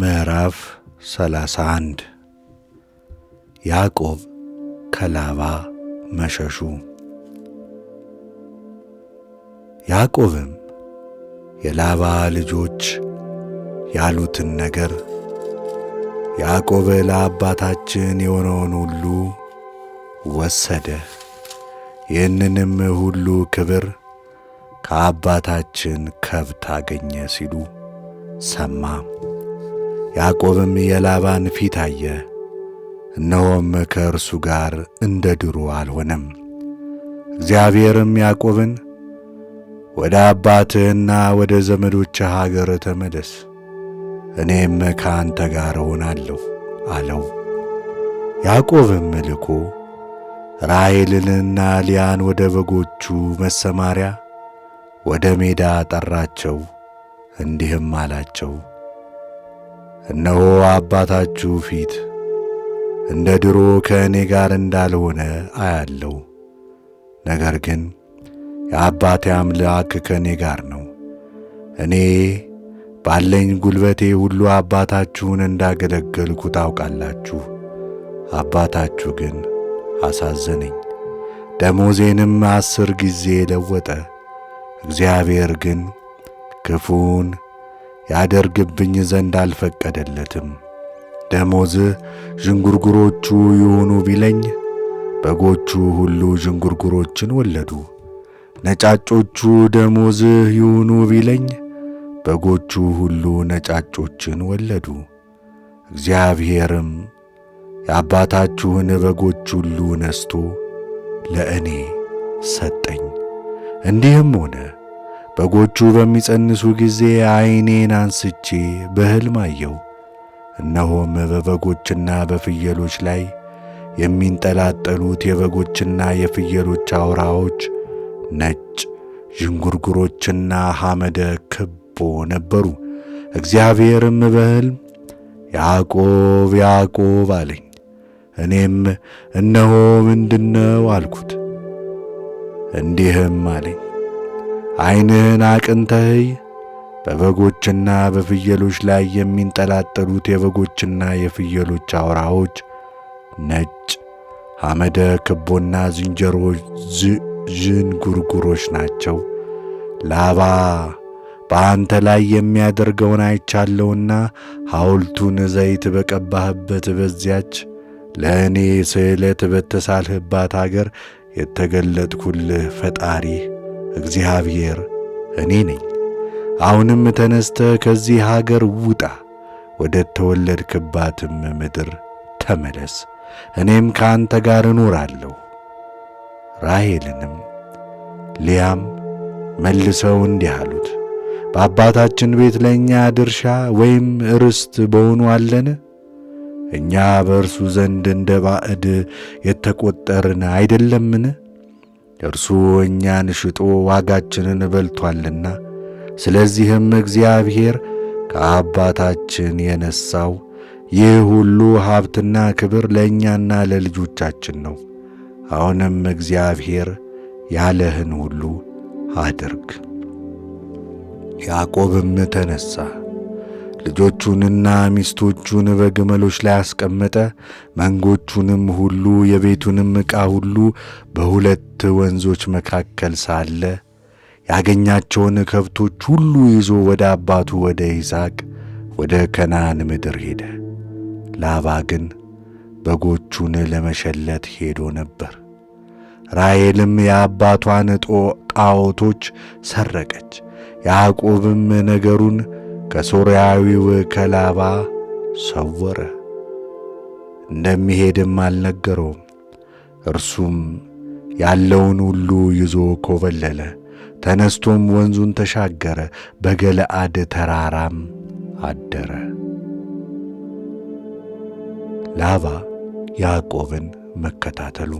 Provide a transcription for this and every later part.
ምዕራፍ 31 ያዕቆብ ከላባ መሸሹ። ያዕቆብም የላባ ልጆች ያሉትን ነገር ያዕቆብ ለአባታችን የሆነውን ሁሉ ወሰደ፣ ይህንንም ሁሉ ክብር ከአባታችን ከብት አገኘ ሲሉ ሰማ። ያዕቆብም የላባን ፊት አየ፣ እነሆም ከእርሱ ጋር እንደ ድሮ አልሆነም። እግዚአብሔርም ያዕቆብን ወደ አባትህና ወደ ዘመዶችህ አገር ተመለስ፣ እኔም ከአንተ ጋር እሆናለሁ አለው። ያዕቆብም ልኮ ራሔልንና ሊያን ወደ በጎቹ መሰማሪያ ወደ ሜዳ ጠራቸው፣ እንዲህም አላቸው እነሆ አባታችሁ ፊት እንደ ድሮ ከእኔ ጋር እንዳልሆነ አያለው። ነገር ግን የአባቴ አምላክ ከእኔ ጋር ነው። እኔ ባለኝ ጉልበቴ ሁሉ አባታችሁን እንዳገለገልኩ ታውቃላችሁ። አባታችሁ ግን አሳዘነኝ፣ ደሞዜንም አስር ጊዜ ለወጠ። እግዚአብሔር ግን ክፉን ያደርግብኝ ዘንድ አልፈቀደለትም። ደሞዝህ ዥንጉርጉሮቹ ይሆኑ ቢለኝ በጎቹ ሁሉ ዥንጉርጉሮችን ወለዱ። ነጫጮቹ ደሞዝህ ይሁኑ ቢለኝ በጎቹ ሁሉ ነጫጮችን ወለዱ። እግዚአብሔርም የአባታችሁን በጎች ሁሉ ነስቶ ለእኔ ሰጠኝ። እንዲህም ሆነ በጎቹ በሚጸንሱ ጊዜ ዓይኔን አንስቼ በሕልም አየው እነሆም በበጎችና በፍየሎች ላይ የሚንጠላጠሉት የበጎችና የፍየሎች አውራዎች ነጭ ዥንጉርጉሮችና ሐመደ ክቦ ነበሩ። እግዚአብሔርም በሕልም ያዕቆብ ያዕቆብ አለኝ። እኔም እነሆ ምንድነው አልኩት። እንዲህም አለኝ ዐይንህን አቅንተህይ በበጎችና በፍየሎች ላይ የሚንጠላጠሉት የበጎችና የፍየሎች አውራዎች ነጭ አመደ ክቦና ዝንጀሮች ዥንጉርጉሮች ናቸው። ላባ በአንተ ላይ የሚያደርገውን አይቻለውና ሐውልቱን ዘይት በቀባህበት በዚያች ለእኔ ስዕለት በተሳልህባት አገር የተገለጥኩልህ ፈጣሪህ እግዚአብሔር እኔ ነኝ። አሁንም ተነስተ ከዚህ ሀገር ውጣ፣ ወደ ተወለድክባትም ምድር ተመለስ፣ እኔም ከአንተ ጋር እኖራለሁ። ራሔልንም ሊያም መልሰው እንዲህ አሉት፣ በአባታችን ቤት ለእኛ ድርሻ ወይም ርስት በሆኑ አለን? እኛ በእርሱ ዘንድ እንደ ባዕድ የተቆጠርን አይደለምን? እርሱ እኛን ሽጦ ዋጋችንን በልቶአልና፣ ስለዚህም እግዚአብሔር ከአባታችን የነሳው ይህ ሁሉ ሀብትና ክብር ለእኛና ለልጆቻችን ነው። አሁንም እግዚአብሔር ያለህን ሁሉ አድርግ። ያዕቆብም ተነሣ ልጆቹንና ሚስቶቹን በግመሎች ላይ አስቀመጠ። መንጎቹንም ሁሉ የቤቱንም ዕቃ ሁሉ በሁለት ወንዞች መካከል ሳለ ያገኛቸውን ከብቶች ሁሉ ይዞ ወደ አባቱ ወደ ይስሐቅ ወደ ከነዓን ምድር ሄደ። ላባ ግን በጎቹን ለመሸለት ሄዶ ነበር። ራሔልም የአባቷን ጣዖቶች ሰረቀች። ያዕቆብም ነገሩን ከሶርያዊው ከላባ ሰወረ። እንደሚሄድም አልነገረውም። እርሱም ያለውን ሁሉ ይዞ ኮበለለ። ተነስቶም ወንዙን ተሻገረ፣ በገለአድ ተራራም አደረ። ላባ ያዕቆብን መከታተሉ።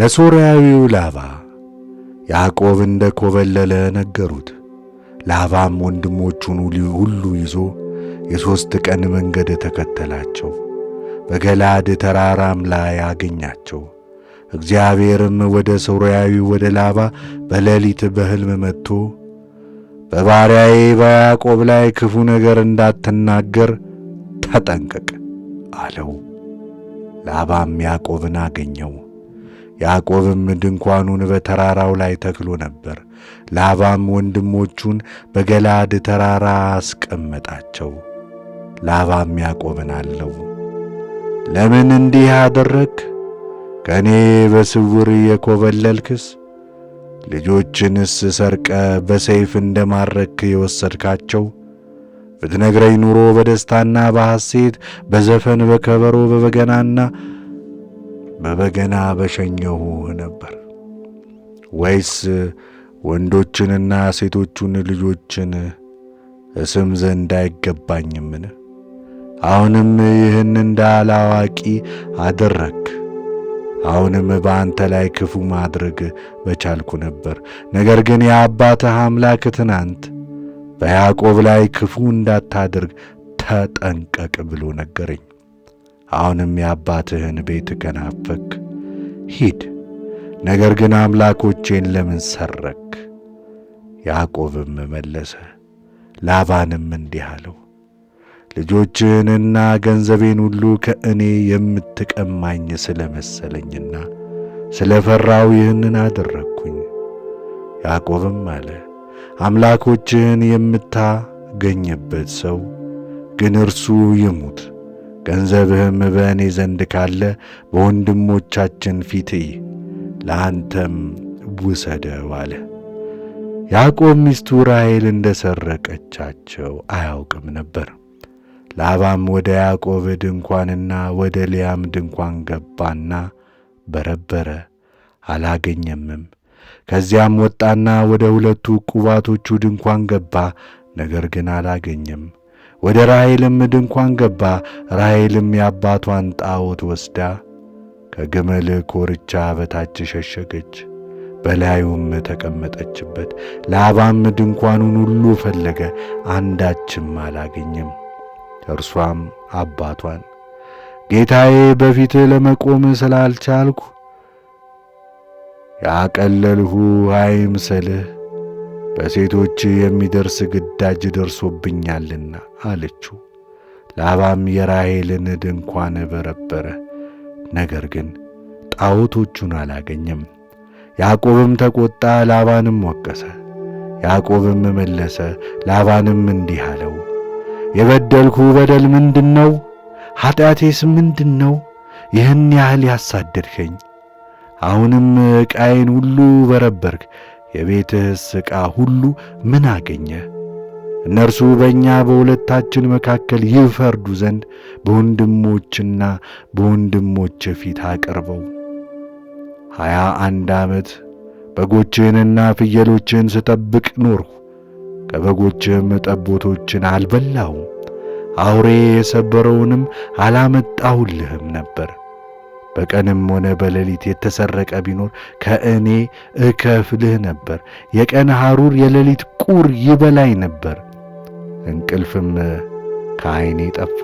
ለሶርያዊው ላባ ያዕቆብ እንደ ኮበለለ ነገሩት። ላባም ወንድሞቹን ሁሉ ይዞ የሦስት ቀን መንገድ ተከተላቸው። በገላድ ተራራም ላይ አገኛቸው። እግዚአብሔርም ወደ ሶርያዊ ወደ ላባ በሌሊት በሕልም መጥቶ በባሪያዬ በያዕቆብ ላይ ክፉ ነገር እንዳትናገር ተጠንቀቅ አለው። ላባም ያዕቆብን አገኘው። ያዕቆብም ድንኳኑን በተራራው ላይ ተክሎ ነበር። ላባም ወንድሞቹን በገላድ ተራራ አስቀመጣቸው። ላባም ያዕቆብን አለው፣ ለምን እንዲህ አደረግ? ከእኔ በስውር የኮበለልክስ? ልጆችንስ ሰርቀ በሰይፍ ማረክ የወሰድካቸው? ብትነግረኝ ኑሮ በደስታና በሐሴት በዘፈን በከበሮ በበገናና በበገና በሸኘሁህ ነበር ወይስ ወንዶችንና ሴቶቹን ልጆችን እስም ዘንድ አይገባኝምን? አሁንም ይህን አላዋቂ አደረግ። አሁንም በአንተ ላይ ክፉ ማድረግ በቻልኩ ነበር። ነገር ግን የአባትህ አምላክ ትናንት በያዕቆብ ላይ ክፉ እንዳታደርግ ተጠንቀቅ ብሎ ነገረኝ። አሁንም የአባትህን ቤት ከናፈክ ሂድ። ነገር ግን አምላኮቼን ለምን ሰረክ? ያዕቆብም መለሰ፣ ላባንም እንዲህ አለው፣ ልጆችህንና ገንዘቤን ሁሉ ከእኔ የምትቀማኝ ስለ መሰለኝና ስለ ፈራው ይህንን አደረግኩኝ። ያዕቆብም አለ፣ አምላኮችህን የምታገኝበት ሰው ግን እርሱ ይሙት ገንዘብህም በእኔ ዘንድ ካለ በወንድሞቻችን ፊት እይ፣ ለአንተም ውሰደው አለ። ያዕቆብ ሚስቱ ራሔል እንደ ሰረቀቻቸው አያውቅም ነበር። ላባም ወደ ያዕቆብ ድንኳንና ወደ ልያም ድንኳን ገባና በረበረ፣ አላገኘምም። ከዚያም ወጣና ወደ ሁለቱ ቁባቶቹ ድንኳን ገባ፣ ነገር ግን አላገኘም። ወደ ራሔልም ድንኳን ገባ። ራሔልም የአባቷን ጣዖት ወስዳ ከግመል ኮርቻ በታች ሸሸገች፣ በላዩም ተቀመጠችበት። ላባም ድንኳኑን ሁሉ ፈለገ፣ አንዳችም አላገኘም። እርሷም አባቷን ጌታዬ በፊት ለመቆም ስላልቻልኩ ያቀለልሁ አይምሰልህ በሴቶች የሚደርስ ግዳጅ ደርሶብኛልና አለችው። ላባም የራሔልን ድንኳን በረበረ፣ ነገር ግን ጣዖቶቹን አላገኘም። ያዕቆብም ተቆጣ፣ ላባንም ወቀሰ። ያዕቆብም መለሰ፣ ላባንም እንዲህ አለው፣ የበደልኩ በደል ምንድን ነው? ኀጢአቴስ ምንድን ነው? ይህን ያህል ያሳደድከኝ። አሁንም ዕቃዬን ሁሉ በረበርክ የቤትህስ ዕቃ ሁሉ ምን አገኘ እነርሱ በእኛ በሁለታችን መካከል ይፈርዱ ዘንድ በወንድሞችና በወንድሞች ፊት አቅርበው። ሀያ አንድ ዓመት በጎችህንና ፍየሎችህን ስጠብቅ ኖርሁ፣ ከበጎችህም ጠቦቶችን አልበላሁም፣ አውሬ የሰበረውንም አላመጣሁልህም ነበር። በቀንም ሆነ በሌሊት የተሰረቀ ቢኖር ከእኔ እከፍልህ ነበር። የቀን ሐሩር የሌሊት ቁር ይበላኝ ነበር። እንቅልፍም ከዐይኔ ጠፋ።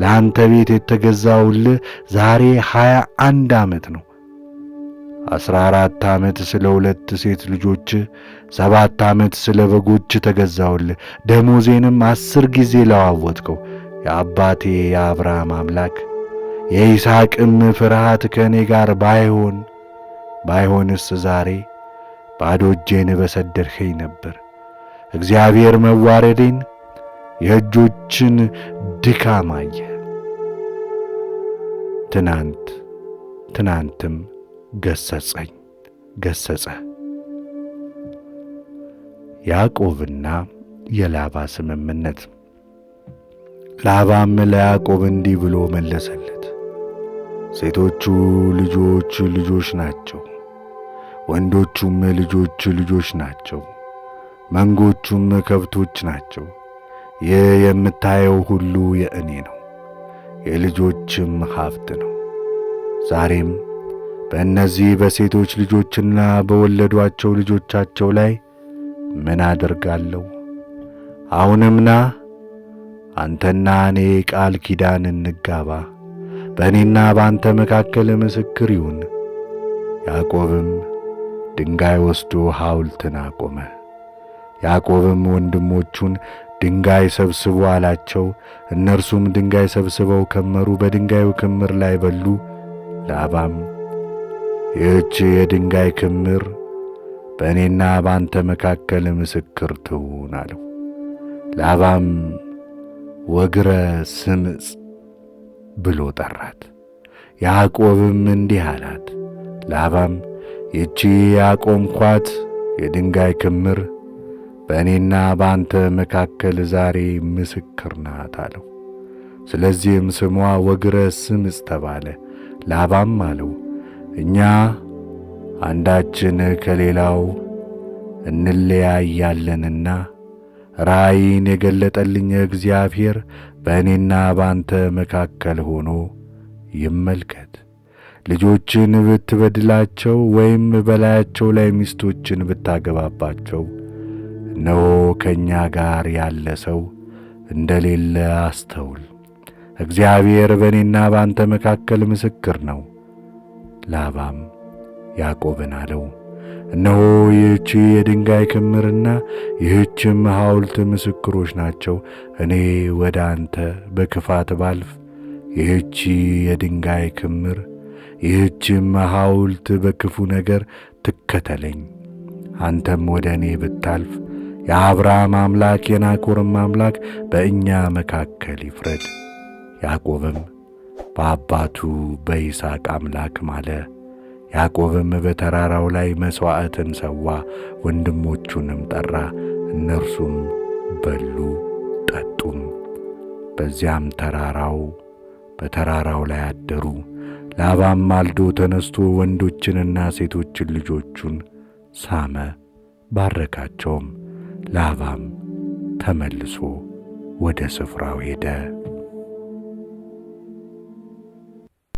ለአንተ ቤት የተገዛውልህ ዛሬ ሀያ አንድ ዓመት ነው። አስራ አራት ዓመት ስለ ሁለት ሴት ልጆች፣ ሰባት ዓመት ስለ በጎች ተገዛውልህ። ደሞዜንም አስር ጊዜ ለዋወጥከው። የአባቴ የአብርሃም አምላክ የይስሐቅም ፍርሃት ከእኔ ጋር ባይሆን ባይሆንስ ዛሬ ባዶ እጄን በሰደድኸኝ ነበር። እግዚአብሔር መዋረዴን የእጆችን ድካም አየ። ትናንት ትናንትም ገሰጸኝ ገሰጸ። ያዕቆብና የላባ ስምምነት። ላባም ለያዕቆብ እንዲህ ብሎ መለሰለት ሴቶቹ ልጆች ልጆች ናቸው፣ ወንዶቹም ልጆች ልጆች ናቸው፣ መንጎቹም ከብቶች ናቸው። ይህ የምታየው ሁሉ የእኔ ነው፣ የልጆችም ሀብት ነው። ዛሬም በእነዚህ በሴቶች ልጆችና በወለዷቸው ልጆቻቸው ላይ ምን አደርጋለሁ? አሁንም ና አንተና እኔ ቃል ኪዳን እንጋባ። በእኔና በአንተ መካከል ምስክር ይሁን። ያዕቆብም ድንጋይ ወስዶ ሐውልትን አቆመ። ያዕቆብም ወንድሞቹን ድንጋይ ሰብስቡ አላቸው። እነርሱም ድንጋይ ሰብስበው ከመሩ፣ በድንጋዩ ክምር ላይ በሉ። ላባም ይህች የድንጋይ ክምር በእኔና በአንተ መካከል ምስክር ትሁን አለው። ላባም ወግረ ስምፅ ብሎ ጠራት። ያዕቆብም እንዲህ አላት። ላባም ይቺ ያቆምኳት የድንጋይ ክምር በእኔና በአንተ መካከል ዛሬ ምስክር ናት አለው። ስለዚህም ስሟ ወግረ ስምፅ ተባለ። ላባም አለው እኛ አንዳችን ከሌላው እንለያያለንና ራእይን የገለጠልኝ እግዚአብሔር በእኔና ባንተ መካከል ሆኖ ይመልከት። ልጆችን ብትበድላቸው ወይም በላያቸው ላይ ሚስቶችን ብታገባባቸው፣ እነሆ ከእኛ ጋር ያለ ሰው እንደሌለ አስተውል። እግዚአብሔር በእኔና ባንተ መካከል ምስክር ነው። ላባም ያዕቆብን አለው እነሆ ይህች የድንጋይ ክምርና ይህችም ሐውልት ምስክሮች ናቸው። እኔ ወደ አንተ በክፋት ባልፍ፣ ይህች የድንጋይ ክምር ይህችም ሐውልት በክፉ ነገር ትከተለኝ። አንተም ወደ እኔ ብታልፍ የአብርሃም አምላክ የናኮርም አምላክ በእኛ መካከል ይፍረድ። ያዕቆብም በአባቱ በይስሐቅ አምላክ ማለ። ያዕቆብም በተራራው ላይ መሥዋዕትን ሰዋ፣ ወንድሞቹንም ጠራ። እነርሱም በሉ ጠጡም፣ በዚያም ተራራው በተራራው ላይ አደሩ። ላባም ማልዶ ተነስቶ ወንዶችንና ሴቶችን ልጆቹን ሳመ፣ ባረካቸውም። ላባም ተመልሶ ወደ ስፍራው ሄደ።